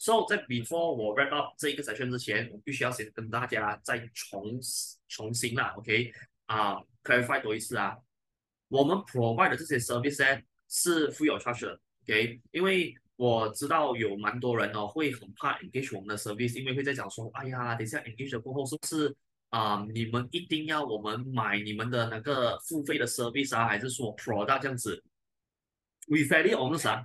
所、so, 以在 before 我 read up 這一個債券之前，我必須要先跟大家啦，再重新重新啦。OK 啊、uh, c l 再 r i f y 多一次啊，我們 provide 的這些 service 呢，是富有 charge 的。OK，因為我知道有蠻多人哦，會很怕 engage 我們的 service，因為會在講說，哎呀，等一下 engage 過後是不是啊？Um, 你們一定要我們買你們的那個付費的 service 啊，還是說 provide 這樣子？we value on the sun。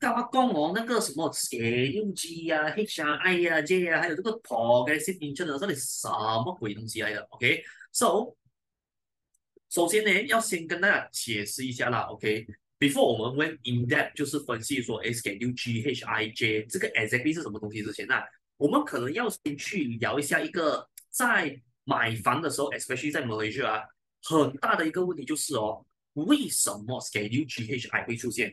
講一講哦，那個什麼 schedule G 啊，H I、啊、J 啊，還有這個 progressive interest，到底什麼鬼東西來的，OK？So 首先呢，要先跟大家解釋一下啦，OK，before、okay? 我們 went in depth 就是分析說、欸、schedule G H I J 這個 exactly 是什麼東西之前呢、啊，我們可能要先去聊一下一個在買房的時候，especially 在 Malaysia 啊，很大的一個問題就是哦，為什麼 schedule G H I 會出現？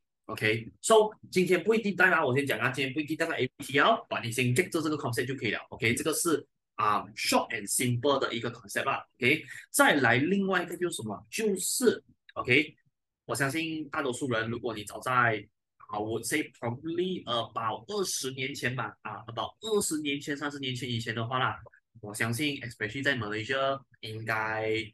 OK，so 今天不一定帶啦，我先講啊，今天不一定帶個 APL，你先 get 到這個 concept 就可以了。OK，這個是啊 short and simple 的一個 concept 啦。OK，再來另外一個就是什麼，就是 OK，我相信大多數人如果你早在啊，我 say probably about 二十年前吧，啊 about 二十年前三十年前以前的話啦，我相信 especially 在 Malaysia 應該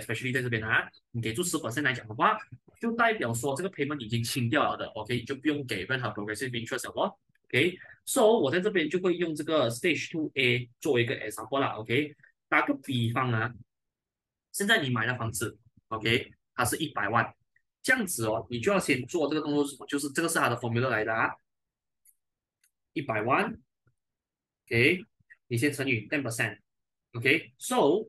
especially 喺呢邊啊，你俾住十 percent 嚟講嘅話，就代表說這個 payment 已經清掉咗的，OK 就不用俾任何 progressive interest 咯，OK，so 我喺呢邊就會用呢個 stage two A 作為一個 example 啦，OK，打個比方啊，現在你買咗房子，OK，佢係一百萬，咁樣子哦，你就要先做呢個動作，就是呢個係佢嘅 formula 嚟嘅，一百萬，OK，你先乘以 ten percent，OK，so